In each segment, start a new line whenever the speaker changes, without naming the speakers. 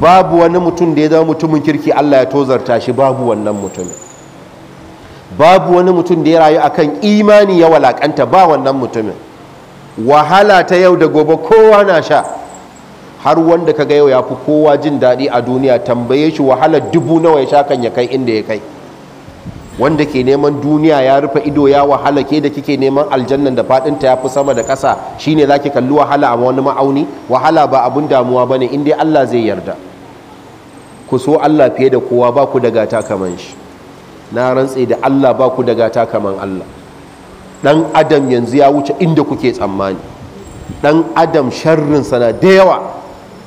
babu wani mutum da ya zama mutumin kirki Allah ya tozarta shi babu wannan mutumin babu wani mutum da ya rayu akan imani ya walakanta ba wannan mutumin wahala ta yau da gobe kowa na sha har wanda ka ga yau ya fi kowa jin daɗi a duniya tambaye shi wahala dubu nawa ya sha kan ya kai inda ya kai wanda ke neman duniya ya rufe ido ya wahala ke da kike neman aljannan da fadinta ya fi sama da ƙasa shine zaki kalli wahala a wani ma'auni wahala ba abun damuwa bane in dai Allah zai yarda ku so Allah fiye da kowa ba ku da gata kaman shi na rantse da Allah ba ku da gata kaman Allah dan adam yanzu ya wuce inda kuke tsammani dan adam sharrinsa na da yawa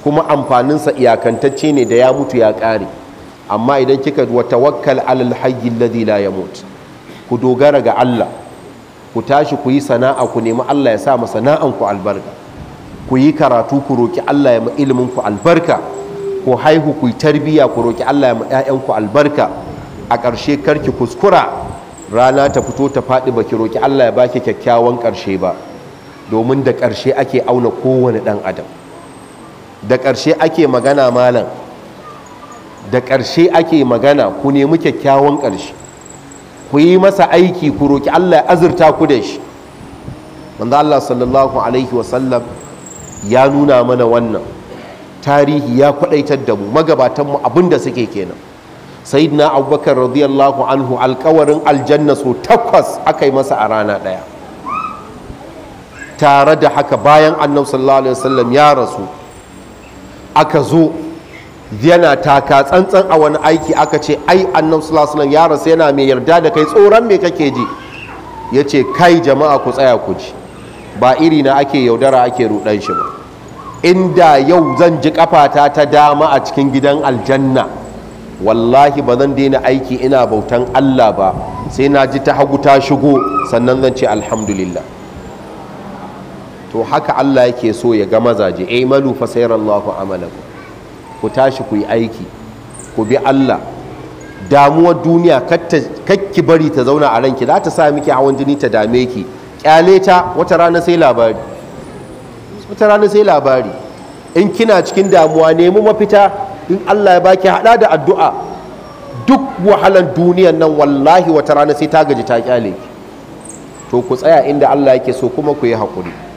kuma amfaninsa iyakantacce ne da ya mutu ya kare. amma idan kika wa tawakkal alal hayy alladhi la yamut ku dogara ga Allah ku tashi ku yi sana'a ku nemi Allah ya sa ma sana'an ku albarka ku yi karatu ku roki Allah ya ma ilimin ku albarka ku haihu ku yi tarbiya ku roki Allah ya ma ƴaƴan ku albarka a ƙarshe karki kuskura rana ta fito ta faɗi ba ki roki Allah ya baki kyakkyawan ƙarshe ba domin da ƙarshe ake auna kowane ɗan adam da ƙarshe ake magana malam da ƙarshe ake magana ku nemi kyakkyawan ƙarshe ku yi masa aiki ku roƙi Allah ya azurta ku da shi manzo Allah sallallahu alaihi wasallam ya nuna mana wannan tarihi ya kwadaitar da mu magabatan mu abinda suke kenan sayyidina abubakar radiyallahu anhu alkawarin aljanna so takwas aka yi masa a rana ɗaya tare da haka bayan annabi sallallahu alaihi wasallam ya rasu aka zo yana taka tsantsan a wani aiki aka ce ai annan sulasulan ya rasu yana mai yarda da kai tsoron me kake ji ya ce kai jama'a ku tsaya ku ji ba iri na ake yaudara ake rudan shi ba inda yau zan ji kafata ta dama a cikin gidan aljanna wallahi ba zan daina aiki ina bautan allah ba sai na ji ta hagu ta shigo sannan zan ce alhamdulillah to haka allah yake so ya ga mazaje ai malu fa allahu amalakum ku tashi ku yi aiki ku bi Allah damuwar duniya kakki bari ta zauna a ranki za ta sa miki hawan jini ta dame ki kyale ta wata rana sai labari wata rana sai labari in kina cikin damuwa nemi mafita in Allah ya baki hada da addu'a duk wahalan duniyan nan wallahi wata rana sai ta gaji ta kyale ki to ku tsaya inda Allah yake so kuma ku yi hakuri